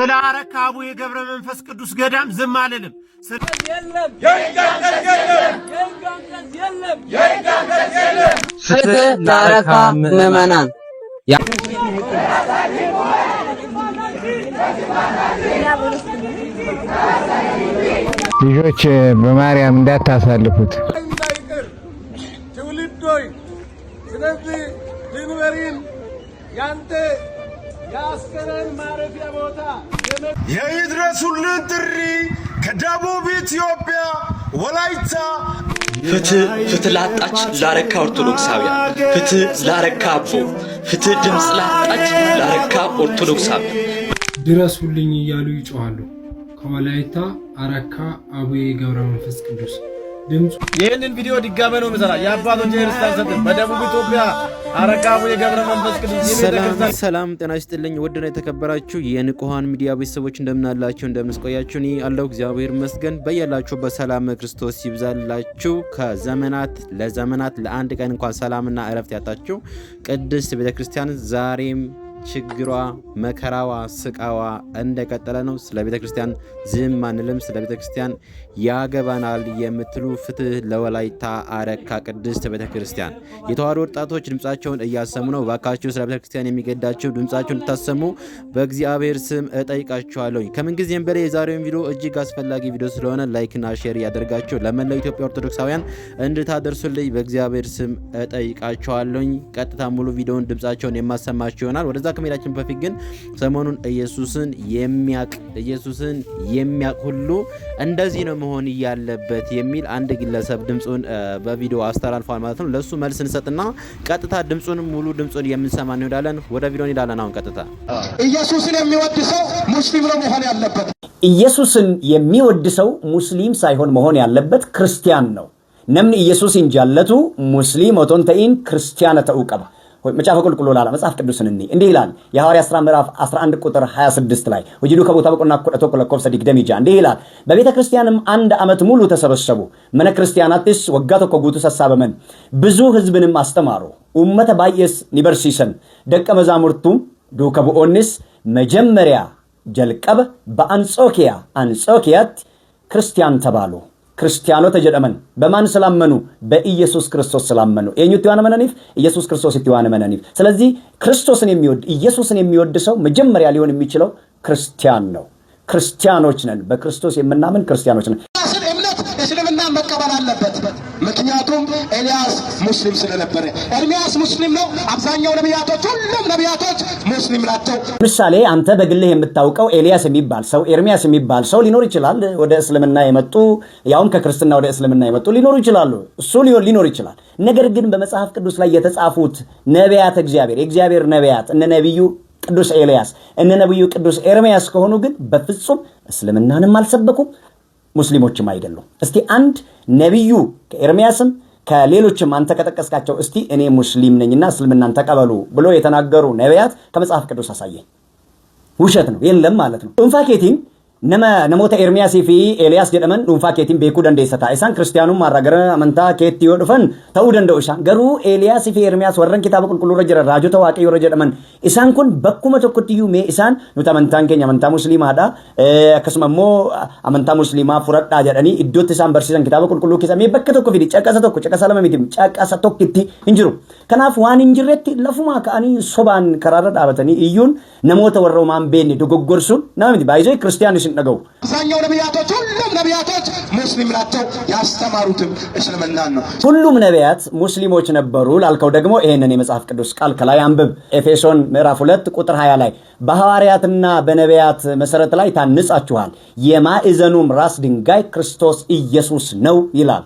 ስለ አረካቡ የገብረ መንፈስ ቅዱስ ገዳም ዝም አልልም። ፍትህ ለአረካ ምዕመናን ልጆች በማርያም እንዳታሳልፉት። ትውልዶይ ስለዚህ ድንበሪን ያንተ የአስከሬን ማረፊያ ቦታ የይድረሱልን ጥሪ ከደቡብ ኢትዮጵያ ወላይታ ፍትህ ፍትህ ላጣች ላረካ ኦርቶዶክሳውያን፣ ፍትህ ላረካ አቦ፣ ፍትህ ድምፅ ላጣች ላረካ ኦርቶዶክሳውያን ድረሱልኝ እያሉ ይጮኋሉ። ከወላይታ አረካ አቡዬ ገብረ መንፈስ ቅዱስ ይህንን ቪዲዮ ድጋሜ ነው ምሰራ የአባቶች ርስታሰትን በደቡብ ኢትዮጵያ አረቃቡ የገብረ መንፈስ ቅዱስ ሰላም፣ ጤና ይስጥልኝ ውድና የተከበራችሁ የንቁሃን ሚዲያ ቤተሰቦች እንደምናላችሁ፣ እንደምንስቆያችሁ እኔ አለሁ እግዚአብሔር ይመስገን። በያላችሁ በሰላም ክርስቶስ ይብዛላችሁ። ከዘመናት ለዘመናት ለአንድ ቀን እንኳን ሰላምና እረፍት ያጣችሁ ቅድስት ቤተክርስቲያን ዛሬም ችግሯ፣ መከራዋ፣ ስቃዋ እንደቀጠለ ነው። ስለ ቤተ ክርስቲያን ዝም አንልም። ስለ ቤተ ክርስቲያን ያገባናል የምትሉ ፍትህ ለወላይታ አረካ ቅድስት ቤተ ክርስቲያን የተዋሕዶ ወጣቶች ድምፃቸውን እያሰሙ ነው። ባካቸው ስለ ቤተ ክርስቲያን የሚገዳችሁ እንድታሰሙ በእግዚአብሔር ስም እጠይቃችኋለሁ። ከምንጊዜም በላይ የዛሬውን ቪዲዮ እጅግ አስፈላጊ ቪዲዮ ስለሆነ ላይክና ሼር እያደርጋቸው ለመላው ኢትዮጵያ ኦርቶዶክሳውያን እንድታደርሱልኝ በእግዚአብሔር ስም እጠይቃችኋለሁ። ቀጥታ ሙሉ ቪዲዮውን ድምፃቸውን የማሰማችሁ ይሆናል ወደዛ ከመሄዳችን በፊት ግን ሰሞኑን ኢየሱስን የሚያቅ ኢየሱስን የሚያቅ ሁሉ እንደዚህ ነው መሆን እያለበት የሚል አንድ ግለሰብ ድምፁን በቪዲዮ አስተላልፏል ማለት ነው። ለእሱ መልስ እንሰጥና ቀጥታ ድምፁን ሙሉ ድምፁን የምንሰማ እንሄዳለን። ወደ ቪዲዮ እንሄዳለን። አሁን ቀጥታ ኢየሱስን የሚወድ ሰው ሙስሊም ነው መሆን ያለበት። ኢየሱስን የሚወድ ሰው ሙስሊም ሳይሆን መሆን ያለበት ክርስቲያን ነው። ነምን ኢየሱስ እንጃለቱ ሙስሊም ኦቶን ክርስቲያነ ተውቀባ መጽሐፈ ቁልቁል ወላላ መጽሐፍ ቅዱስን እንይ። እንዲህ ይላል የሐዋርያት ሥራ ምዕራፍ 11 ቁጥር 26 ላይ ወጅዱ ከቦታ በቆና ተኮለኮብ ሰዲግ ደሚጃ እንዲህ ይላል በቤተ ክርስቲያንም አንድ ዓመት ሙሉ ተሰበሰቡ። መነ ክርስቲያናትስ ወጋቶ ኮጉቱ ሰሳበመን ብዙ ሕዝብንም አስተማሩ። ኡመተ ባየስ ኒበርሲሰን ደቀ መዛሙርቱ ዱከብኦንስ መጀመሪያ ጀልቀብ በአንጾኪያ አንጾኪያት ክርስቲያን ተባሉ። ክርስቲያኖተ ጀደመን በማን ስላመኑ በኢየሱስ ክርስቶስ ስላመኑ የኙት ትዋነ መነኒፍ ኢየሱስ ክርስቶስ ትዋነ መነኒፍ። ስለዚህ ክርስቶስን የሚወድ ኢየሱስን የሚወድ ሰው መጀመሪያ ሊሆን የሚችለው ክርስቲያን ነው። ክርስቲያኖች ነን። በክርስቶስ የምናምን ክርስቲያኖች ነን። እስልምና መቀበል አለበት። ምክንያቱም ኤልያስ ሙስሊም ስለነበረ፣ ኤርሚያስ ሙስሊም ነው። አብዛኛው ነቢያቶች፣ ሁሉም ነቢያቶች ሙስሊም ናቸው። ምሳሌ አንተ በግልህ የምታውቀው ኤልያስ የሚባል ሰው፣ ኤርሚያስ የሚባል ሰው ሊኖር ይችላል። ወደ እስልምና የመጡ ያውም ከክርስትና ወደ እስልምና የመጡ ሊኖሩ ይችላሉ። እሱ ሊኖር ይችላል። ነገር ግን በመጽሐፍ ቅዱስ ላይ የተጻፉት ነቢያት እግዚአብሔር የእግዚአብሔር ነቢያት እነ ነቢዩ ቅዱስ ኤልያስ እነ ነቢዩ ቅዱስ ኤርሚያስ ከሆኑ ግን በፍጹም እስልምናንም አልሰበኩም፣ ሙስሊሞችም አይደሉም። እስቲ አንድ ነቢዩ ከኤርሚያስም ከሌሎችም አንተ ከጠቀስካቸው እስቲ እኔ ሙስሊም ነኝና እስልምናን ተቀበሉ ብሎ የተናገሩ ነቢያት ከመጽሐፍ ቅዱስ አሳየኝ። ውሸት ነው የለም ማለት ነው። ኢንፋክቲንግ nama namoota Ermiyaasii fi Eeliyaas jedhaman dhuunfaa keetiin beekuu dandeessa ta'a. Isaan kiristaanummaa irraa gara amantaa keetti yoo dhufan ta'uu danda'u isaan. Garuu Eeliyaasii fi Ermiyaas warran kitaaba qulqulluu irra jiran raajota waaqayyoo irra jedhaman isaan kun bakkuma tokkotti iyyuu mee isaan nuti amantaan keenya amantaa musliimaadha. Akkasuma immoo amantaa musliimaa furadhaa jedhanii iddootti isaan barsiisan kitaaba qulqulluu keessaa mee bakka tokko fidi caqasa tokko caqasa lama miti caqasa tokkitti hin jiru. Kanaaf waan hin jirretti lafuma ka'anii sobaan karaarra dhaabatanii iyyuun namoota warra homaa hin beekne dogoggorsuun nama miti baay'ee ክርስቲያኖች እንደገቡ አብዛኛው ነቢያቶች ሁሉም ነቢያቶች ሙስሊም ናቸው። ያስተማሩትም እስልምናን ነው። ሁሉም ነቢያት ሙስሊሞች ነበሩ ላልከው ደግሞ ይሄንን የመጽሐፍ ቅዱስ ቃል ከላይ አንብብ። ኤፌሶን ምዕራፍ ሁለት ቁጥር 20 ላይ በሐዋርያትና በነቢያት መሰረት ላይ ታንጻችኋል፣ የማዕዘኑም ራስ ድንጋይ ክርስቶስ ኢየሱስ ነው ይላል።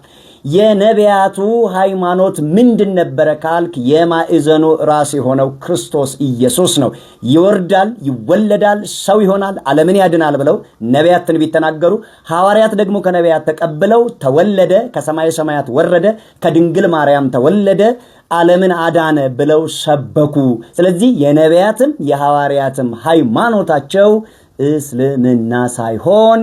የነቢያቱ ሃይማኖት ምንድን ነበረ ካልክ የማዕዘኑ ራስ የሆነው ክርስቶስ ኢየሱስ ነው። ይወርዳል፣ ይወለዳል፣ ሰው ይሆናል፣ ዓለምን ያድናል ብለው ነቢያት ትንቢት ተናገሩ። ሐዋርያት ደግሞ ከነቢያት ተቀብለው ተወለደ፣ ከሰማይ ሰማያት ወረደ፣ ከድንግል ማርያም ተወለደ፣ ዓለምን አዳነ ብለው ሰበኩ። ስለዚህ የነቢያትም የሐዋርያትም ሃይማኖታቸው እስልምና ሳይሆን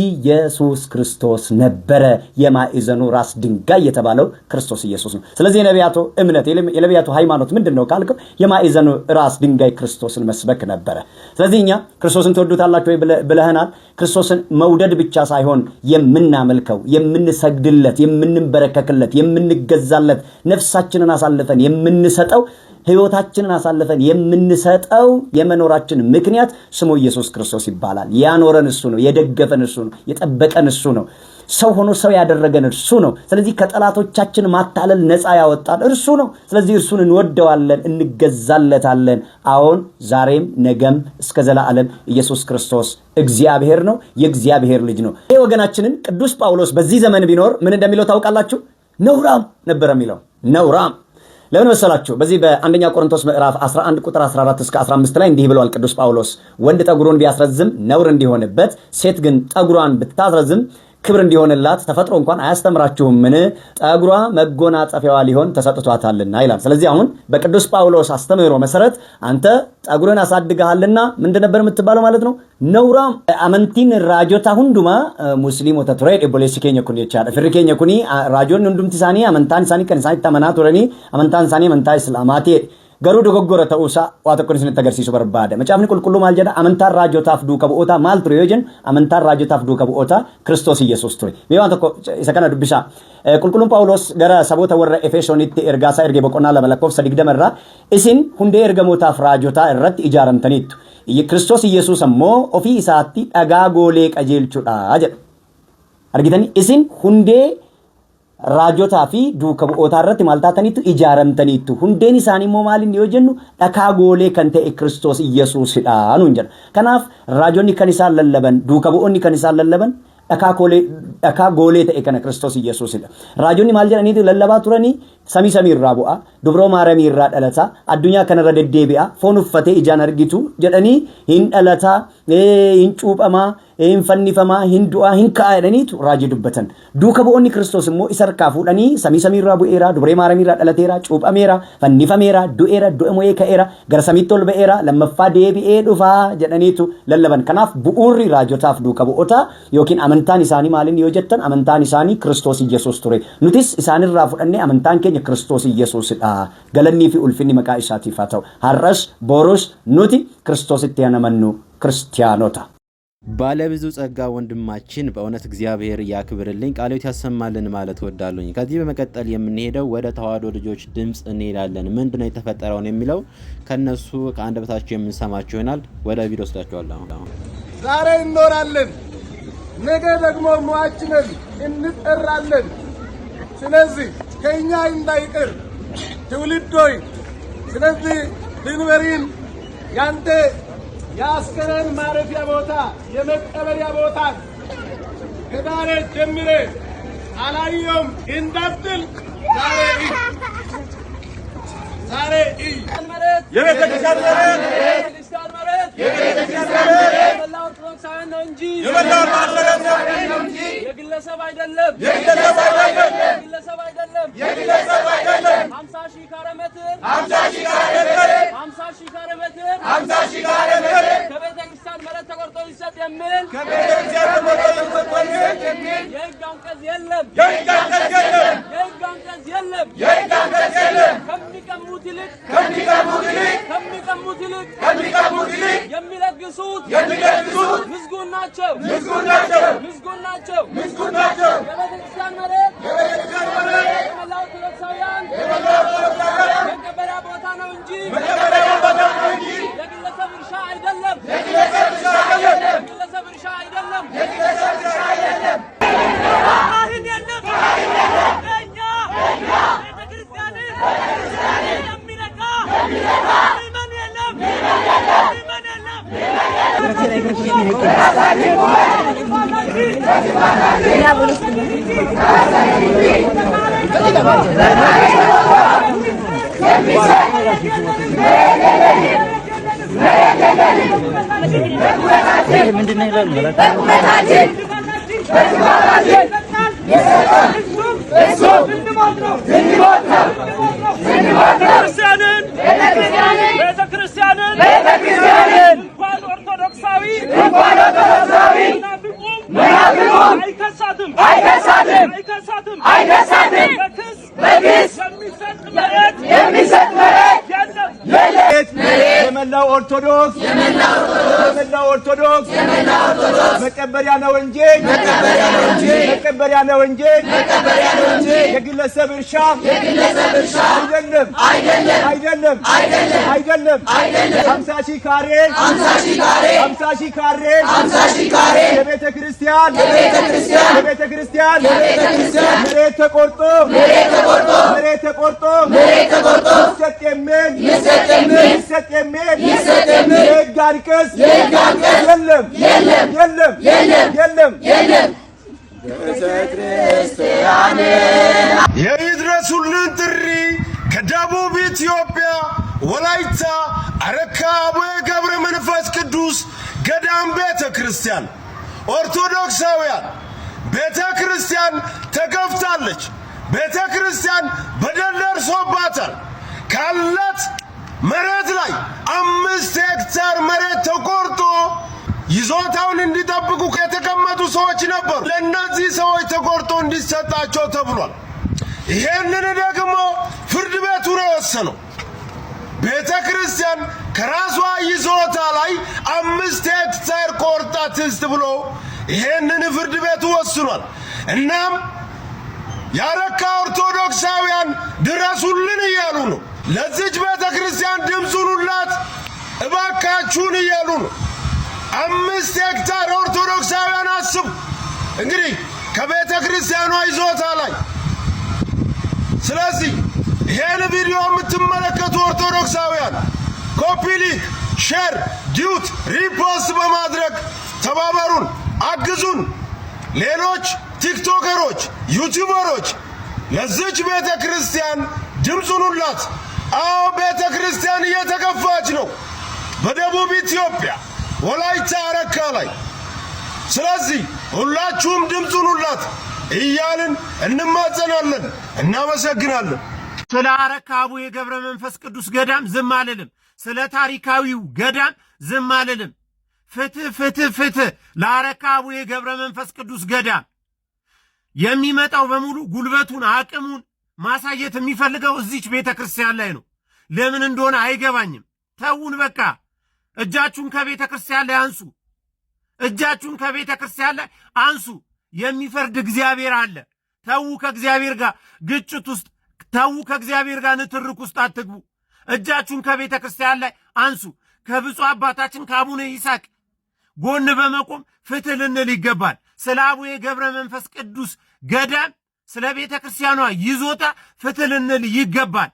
ኢየሱስ ክርስቶስ ነበረ። የማዕዘኑ ራስ ድንጋይ የተባለው ክርስቶስ ኢየሱስ ነው። ስለዚህ የነቢያቱ እምነት የነቢያቱ ሃይማኖት ምንድን ነው ካልከው የማዕዘኑ ራስ ድንጋይ ክርስቶስን መስበክ ነበረ። ስለዚህ እኛ ክርስቶስን ትወዱታላችሁ ወይ ብለህናል። ክርስቶስን መውደድ ብቻ ሳይሆን የምናመልከው፣ የምንሰግድለት፣ የምንበረከክለት፣ የምንገዛለት፣ ነፍሳችንን አሳልፈን የምንሰጠው ህይወታችንን አሳልፈን የምንሰጠው የመኖራችን ምክንያት ስሙ ኢየሱስ ክርስቶስ ይባላል። ያኖረን እሱ ነው። የደገፈን እሱ ነው። የጠበቀን እሱ ነው። ሰው ሆኖ ሰው ያደረገን እርሱ ነው። ስለዚህ ከጠላቶቻችን ማታለል ነፃ ያወጣን እርሱ ነው። ስለዚህ እርሱን እንወደዋለን፣ እንገዛለታለን። አሁን ዛሬም፣ ነገም እስከ ዘላለም ኢየሱስ ክርስቶስ እግዚአብሔር ነው፣ የእግዚአብሔር ልጅ ነው። ይህ ወገናችንን ቅዱስ ጳውሎስ በዚህ ዘመን ቢኖር ምን እንደሚለው ታውቃላችሁ? ነውራም ነበረ የሚለው ነውራም ለምን መሰላችሁ? በዚህ በአንደኛ ቆሮንቶስ ምዕራፍ 11 ቁጥር 14 እስከ 15 ላይ እንዲህ ብለዋል ቅዱስ ጳውሎስ ወንድ ጠጉሩን ቢያስረዝም ነውር እንዲሆንበት፣ ሴት ግን ጠጉሯን ብታስረዝም ክብር እንዲሆንላት ተፈጥሮ እንኳን አያስተምራችሁም? ምን ጠጉሯ መጎናጸፊያዋ ሊሆን ተሰጥቷታልና ይላል። ስለዚህ አሁን በቅዱስ ጳውሎስ አስተምህሮ መሰረት አንተ ጠጉርን አሳድገሃልና ምንድን ነበር የምትባለው ማለት ነው? ነውራ አመንቲን ራጆታ ሁንዱማ ሙስሊም ወተቱራ ዴቦሌሲ ኬኘ ኩኒ ቻ ፍሪ ኬኘ ኩኒ ራጆን ንዱም ቲሳኒ አመንታን ሳኒ ከንሳኒ ተመናቱረኒ አመንታን ሳኒ መንታ ስላማቴ garuu dogoggora ta'uusaa waa tokko isinitti agarsiisu barbaada. Macaafni qulqulluu maal jedha? Amantaan raajotaaf duuka bu'ootaa maal ture yoo jennu amantaan raajotaaf duuka bu'ootaa Kiristoos Iyyasuus ture. Mee waan tokko isa kana dubbisaa. Qulqulluun Paawuloos gara saboota warra Efesoonitti isaa ergee boqonnaa lama lakkoofsa digdama irraa isin hundee ergamootaaf raajotaa irratti ijaaramtaniittu. Kiristoos Iyyasuus ammoo ofii isaatti dhagaa goolee qajeelchudha jedha. Argitanii isin hundee raajotaa fi duuka bu'ootaa irratti maal taataniitu ijaaramtaniitu Hundeen isaanii immoo maalin yoo jennu dhakaa goolee kan ta'e Kiristoos Iyyasuusidha nuun jedha. Kanaaf raajonni kan isaan lallaban, duuka bu'oonni kan isaan lallaban dhakaa goolee ta'e kana Kiristoos Iyyasuusidha. Raajonni maal jedhaniitu lallabaa turanii samii samii irraa bu'aa, dubroo maaramii irraa dhalataa, addunyaa kanarra deddeebi'aa, foon uffatee ijaan argitu jedhanii hin dhalataa, hin cuuphamaa, hin fannifamaa, hin du'aa, hin ka'aa jedhaniitu raajii dubbatan. Duuka bu'oonni Kiristoos immoo isa harkaa fuudhanii samii samiirraa bu'eera, dubree maaramiirraa dhalateera, cuuphameera, fannifameera, du'eera, du'amu'ee ka'eera, gara samiitti ol ba'eera, lammaffaa deebi'ee dhufaa jedhaniitu lallaban. Kanaaf bu'uurri raajotaaf duuka bu'oota yookiin amantaan isaanii maaliin yoo jettan amantaan isaanii Kiristoos Iyyasuus ture. Nutis isaanirraa fudhannee amantaan keenya Kiristoos Iyyasuusidha. Galannii fi ulfinni maqaa isaatiif haa ta'u. Har'as boorus nuti Kiristoositti anamannu kiristiyaanota. ባለብዙ ጸጋ ወንድማችን በእውነት እግዚአብሔር ያክብርልኝ ቃሎት ያሰማልን ማለት ወዳሉኝ። ከዚህ በመቀጠል የምንሄደው ወደ ተዋህዶ ልጆች ድምፅ እንሄዳለን። ምንድነው የተፈጠረውን የሚለው ከነሱ ከአንድ በታቸው የምንሰማቸው ይሆናል። ወደ ቪዲዮ ወስዳቸዋለሁ። ዛሬ እንኖራለን፣ ነገ ደግሞ ሟችነን እንጠራለን። ስለዚህ ከኛ እንዳይቀር ትውልዶይ፣ ስለዚህ ድንበሪን ያንተ የአስከሬን ማረፊያ ቦታ የመቀበሪያ ቦታ ከዛሬ ጀምሬ አላየውም እንዳትል ዛሬ ይ ክርስቲያን መሬት ማስረገጫ ነው እንጂ የበላን ማስረገጫ ነው እንጂ የግለሰብ አይደለም፣ የግለሰብ አይደለም፣ የግለሰብ አይደለም፣ የግለሰብ አይደለም። 50 ሺህ ካሬ ሜትር 50 ሺህ ካሬ ሜትር 50 ሺህ ካሬ ሜትር 50 ሺህ ካሬ ሜትር ከቤተ ክርስቲያን መሬት ተቆርጦ ይሰጥ የሚል ከቤተ ክርስቲያን ተቆርጦ ይሰጥ የሚል የህግ አንቀጽ የለም፣ የህግ አንቀጽ ምንድነው ይላል ማለት ነው። ቤተክርስቲያንን ቤተ ክርስቲያንን እንኳን ኦርቶዶክሳዊ መናፍቁም አይከሳትም አይከሳትም አይከሳትም በክስ የሚሰጥ ምሕረት የመላው ኦርቶዶክስ የመላው ኦርቶዶክስ መቀበሪያ ነው እንጂ መቀበሪያ ነው እንጂ መቀበሪያ ነው እንጂ የግለሰብ እርሻ የግለሰብ እርሻ አይደለም አይደለም አይደለም አይደለም አይደለም አይደለም። ሀምሳ ሺህ ካሬ ሀምሳ ሺህ ካሬ ሀምሳ ሺህ ካሬ ሀምሳ ሺህ ካሬ የቤተ ክርስቲያን የቤተ ክርስቲያን የቤተ ክርስቲያን የቤተ ክርስቲያን መሬት ተቆርጦ መሬት ላይ አምስት ሄክታር መሬት ተቆርጦ ይዞታውን እንዲጠብቁ ከተቀመጡ ሰዎች ነበሩ። ለእነዚህ ሰዎች ተቆርጦ እንዲሰጣቸው ተብሏል። ይሄንን ደግሞ ፍርድ ቤቱ ነው የወሰነው። ቤተ ክርስቲያን ከራሷ ይዞታ ላይ አምስት ሄክታር ቆርጣ ትስጥ ብሎ ይሄንን ፍርድ ቤቱ ወስኗል። እናም ያረካ ኦርቶዶክሳውያን ድረሱልን እያሉ ነው። ለዚች ቤተ ክርስቲያን ድምፅ ሁኑላት እባካችሁን እያሉ ነው። አምስት ሄክታር ኦርቶዶክሳውያን አስቡ እንግዲህ ከቤተ ክርስቲያኗ ይዞታ ላይ። ስለዚህ ይሄን ቪዲዮ የምትመለከቱ ኦርቶዶክሳውያን ኮፒ፣ ሊንክ፣ ሼር፣ ዲዩት፣ ሪፖስት በማድረግ ተባበሩን፣ አግዙን። ሌሎች ቲክቶከሮች፣ ዩቲዩበሮች ለዚች ቤተ ክርስቲያን ድምፅ አዎ ቤተ ክርስቲያን እየተከፋች ነው በደቡብ ኢትዮጵያ ወላይታ አረካ ላይ። ስለዚህ ሁላችሁም ድምፁን ሁላት እያልን እንማጸናለን፣ እናመሰግናለን። ስለ አረካቡ የገብረ መንፈስ ቅዱስ ገዳም ዝም አልልም። ስለ ታሪካዊው ገዳም ዝም አልልም። ፍትህ ፍትህ ፍትህ ለአረካቡ የገብረ መንፈስ ቅዱስ ገዳም የሚመጣው በሙሉ ጉልበቱን አቅሙን ማሳየት የሚፈልገው እዚች ቤተ ክርስቲያን ላይ ነው። ለምን እንደሆነ አይገባኝም። ተውን በቃ። እጃችሁን ከቤተ ክርስቲያን ላይ አንሱ። እጃችሁን ከቤተ ክርስቲያን ላይ አንሱ። የሚፈርድ እግዚአብሔር አለ። ተዉ፣ ከእግዚአብሔር ጋር ግጭት ውስጥ ተዉ፣ ከእግዚአብሔር ጋር ንትርክ ውስጥ አትግቡ። እጃችሁን ከቤተ ክርስቲያን ላይ አንሱ። ከብፁ አባታችን ከአቡነ ይስሐቅ ጎን በመቆም ፍትህ ልንል ይገባል። ስለ አቡነ ገብረ መንፈስ ቅዱስ ገዳም ስለ ቤተ ክርስቲያኗ ይዞታ ፍትህ ልንል ይገባል።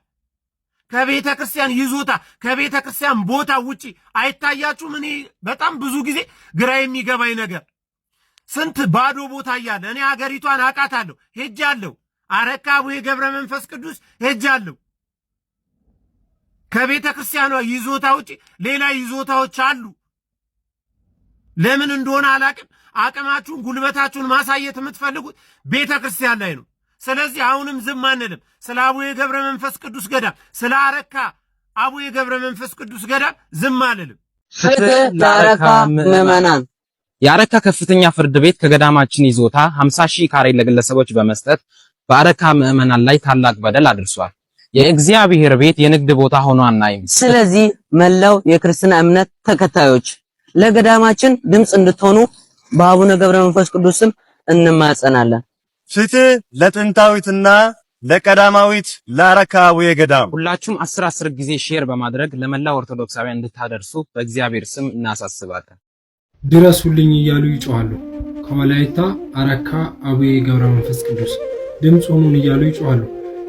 ከቤተ ክርስቲያን ይዞታ ከቤተ ክርስቲያን ቦታ ውጪ አይታያችሁም? እኔ በጣም ብዙ ጊዜ ግራ የሚገባኝ ነገር ስንት ባዶ ቦታ እያለ እኔ ሀገሪቷን አውቃታለሁ፣ ሄጃለሁ። አረካ አቡነ ገብረ መንፈስ ቅዱስ ሄጃለሁ። ከቤተ ክርስቲያኗ ይዞታ ውጪ ሌላ ይዞታዎች አሉ። ለምን እንደሆነ አላቅም። አቅማችሁን ጉልበታችሁን ማሳየት የምትፈልጉት ቤተ ክርስቲያን ላይ ነው። ስለዚህ አሁንም ዝም አንልም። ስለ አቡዬ ገብረ መንፈስ ቅዱስ ገዳም፣ ስለ አረካ አቡዬ ገብረ መንፈስ ቅዱስ ገዳም ዝም አንልም። ፍትህ ለአረካ ምዕመናን። የአረካ ከፍተኛ ፍርድ ቤት ከገዳማችን ይዞታ 50 ሺህ ካሬ ለግለሰቦች በመስጠት በአረካ ምዕመናን ላይ ታላቅ በደል አድርሷል። የእግዚአብሔር ቤት የንግድ ቦታ ሆኖ አናይም። ስለዚህ መላው የክርስትና እምነት ተከታዮች ለገዳማችን ድምፅ እንድትሆኑ በአቡነ ገብረ መንፈስ ቅዱስም እንማጸናለን። ፍትህ ለጥንታዊትና ለቀዳማዊት ለአረካዊ ገዳም። ሁላችሁም አስር አስር ጊዜ ሼር በማድረግ ለመላ ኦርቶዶክሳውያን እንድታደርሱ በእግዚአብሔር ስም እናሳስባለን። ድረሱልኝ እያሉ ይጮሃሉ። ከወላይታ አረካ አቡዬ ገብረ መንፈስ ቅዱስ ድምፅ ሆኑን እያሉ ይጮሃሉ።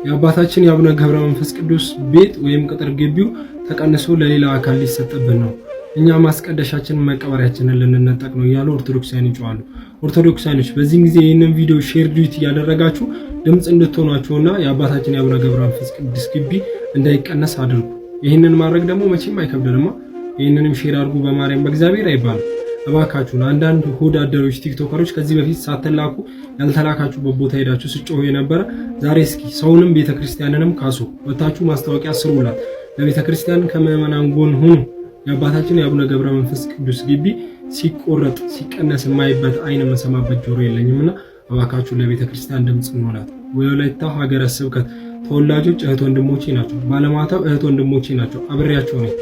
የአባታችን የአቡነ ገብረ መንፈስ ቅዱስ ቤት ወይም ቅጥር ግቢው ተቀንሶ ለሌላ አካል ሊሰጥብን ነው። እኛ ማስቀደሻችንን መቀበሪያችንን ልንነጠቅ ነው እያሉ ኦርቶዶክሳውያን ይጮኻሉ። ኦርቶዶክሳውያኖች በዚህም ጊዜ ይህንን ቪዲዮ ሼር ዲዩት እያደረጋችሁ ድምፅ እንድትሆኗቸውና የአባታችን የአቡነ ገብረ መንፈስ ቅዱስ ግቢ እንዳይቀነስ አድርጉ። ይህንን ማድረግ ደግሞ መቼም አይከብድንማ። ይህንንም ሼር አድርጉ። በማርያም በእግዚአብሔር አይባልም። እባካችሁን አንዳንድ ሆድ አደሮች ቲክቶከሮች ከዚህ በፊት ሳትላኩ ያልተላካችሁበት ቦታ ሄዳችሁ ስጮሆ የነበረ ዛሬ እስኪ ሰውንም ቤተክርስቲያንንም ካሱ ወታችሁ ማስታወቂያ ስሩላት። ለቤተክርስቲያን ከምዕመናን ጎን ሁኑ። የአባታችን የአቡነ ገብረ መንፈስ ቅዱስ ግቢ ሲቆረጥ ሲቀነስ የማይበት አይን መሰማበት ጆሮ የለኝም እና እባካችሁ ለቤተ ክርስቲያን ድምፅ እንሆናት። ወላይታ ሀገረ ስብከት ተወላጆች እህት ወንድሞቼ ናቸው። ባለማተብ እህት ወንድሞቼ ናቸው። አብሬያቸው ነኝ።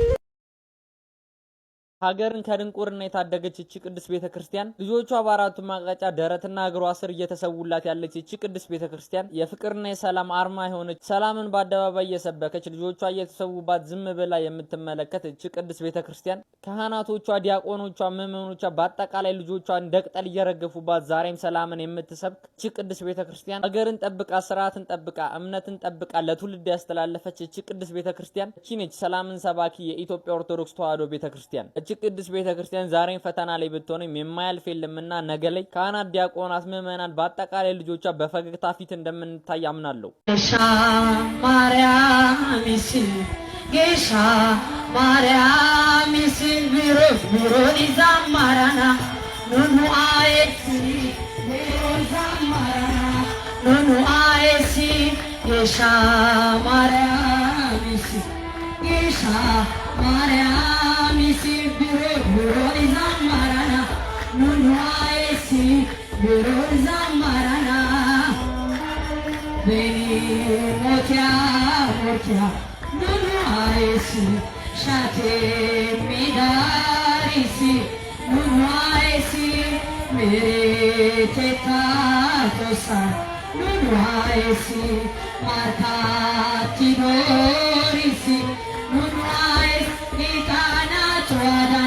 ሀገርን ከድንቁርና የታደገች እቺ ቅድስት ቤተ ክርስቲያን ልጆቿ በአራቱ ማቅጣጫ ደረትና እግሯ ስር እየተሰዉላት ያለች እቺ ቅድስት ቤተ ክርስቲያን የፍቅርና የሰላም አርማ የሆነች ሰላምን በአደባባይ እየሰበከች ልጆቿ እየተሰዉባት ዝም ብላ የምትመለከት እቺ ቅድስት ቤተ ክርስቲያን ካህናቶቿ፣ ዲያቆኖቿ፣ ምመኖቿ በአጠቃላይ ልጆቿ እንደ ቅጠል እየረገፉባት ዛሬም ሰላምን የምትሰብክ እቺ ቅድስት ቤተ ክርስቲያን ሀገርን ጠብቃ፣ ስርዓትን ጠብቃ፣ እምነትን ጠብቃ ለትውልድ ያስተላለፈች እቺ ቅድስት ቤተ ክርስቲያን እቺ ነች ሰላምን ሰባኪ የኢትዮጵያ ኦርቶዶክስ ተዋህዶ ቤተ ክርስቲያን። እጅግ ቅዱስ ቤተ ክርስቲያን ዛሬን ፈተና ላይ ብትሆንም የማያልፍ የለምና ነገ ላይ ካህናት፣ ዲያቆናት፣ ምዕመናን በአጠቃላይ ልጆቿ በፈገግታ ፊት እንደምንታይ አምናለሁ። ጌሻ ማርያም ይስል ጌሻ ማርያም ይስል ቢሮ ቢሮ ዲዛ ኑኑ አየሲ ቢሮ ዛ ኑኑ አየሲ ጌሻ ማርያም ይስል ጌሻ ማርያም ይስል Moroniza Marana, Munhaesi, Não Marana. esse, Mokya, Mokya, Munhaesi, Shate Midarisi, Munhaesi, Mere Teta Tosa, Não é esse, Munhaesi, Itana Tuadana.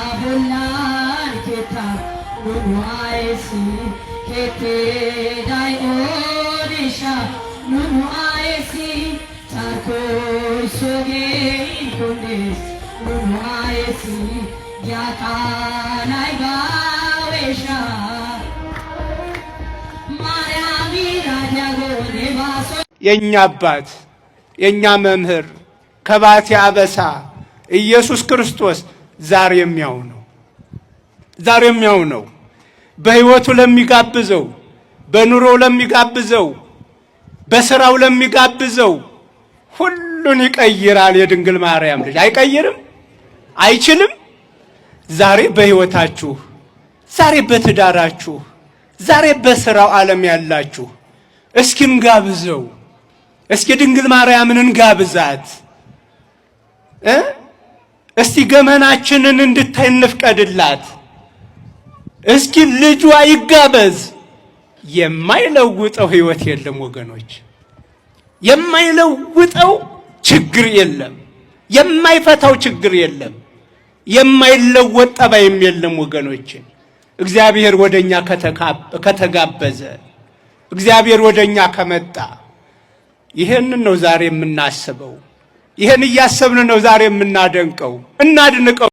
ኑኑአይሲ የእኛ አባት የእኛ መምህር ከባቴ አበሳ ኢየሱስ ክርስቶስ ዛሬም ያው ነው። ዛሬም ያው ነው። በህይወቱ ለሚጋብዘው፣ በኑሮው ለሚጋብዘው፣ በስራው ለሚጋብዘው ሁሉን ይቀይራል። የድንግል ማርያም ልጅ አይቀይርም? አይችልም? ዛሬ በሕይወታችሁ፣ ዛሬ በትዳራችሁ፣ ዛሬ በስራው ዓለም ያላችሁ እስኪ እንጋብዘው። እስኪ ድንግል ማርያምን እንጋብዛት። እስቲ ገመናችንን እንድታይ እንፍቀድላት። እስኪ ልጇ ይጋበዝ። የማይለውጠው ህይወት የለም ወገኖች፣ የማይለውጠው ችግር የለም፣ የማይፈታው ችግር የለም፣ የማይለወጥ ጠባይም የለም ወገኖች። እግዚአብሔር ወደኛ ከተጋበዘ፣ እግዚአብሔር ወደኛ ከመጣ ይሄንን ነው ዛሬ የምናስበው። ይሄን እያሰብን ነው ዛሬ የምናደንቀው። እናድንቀው።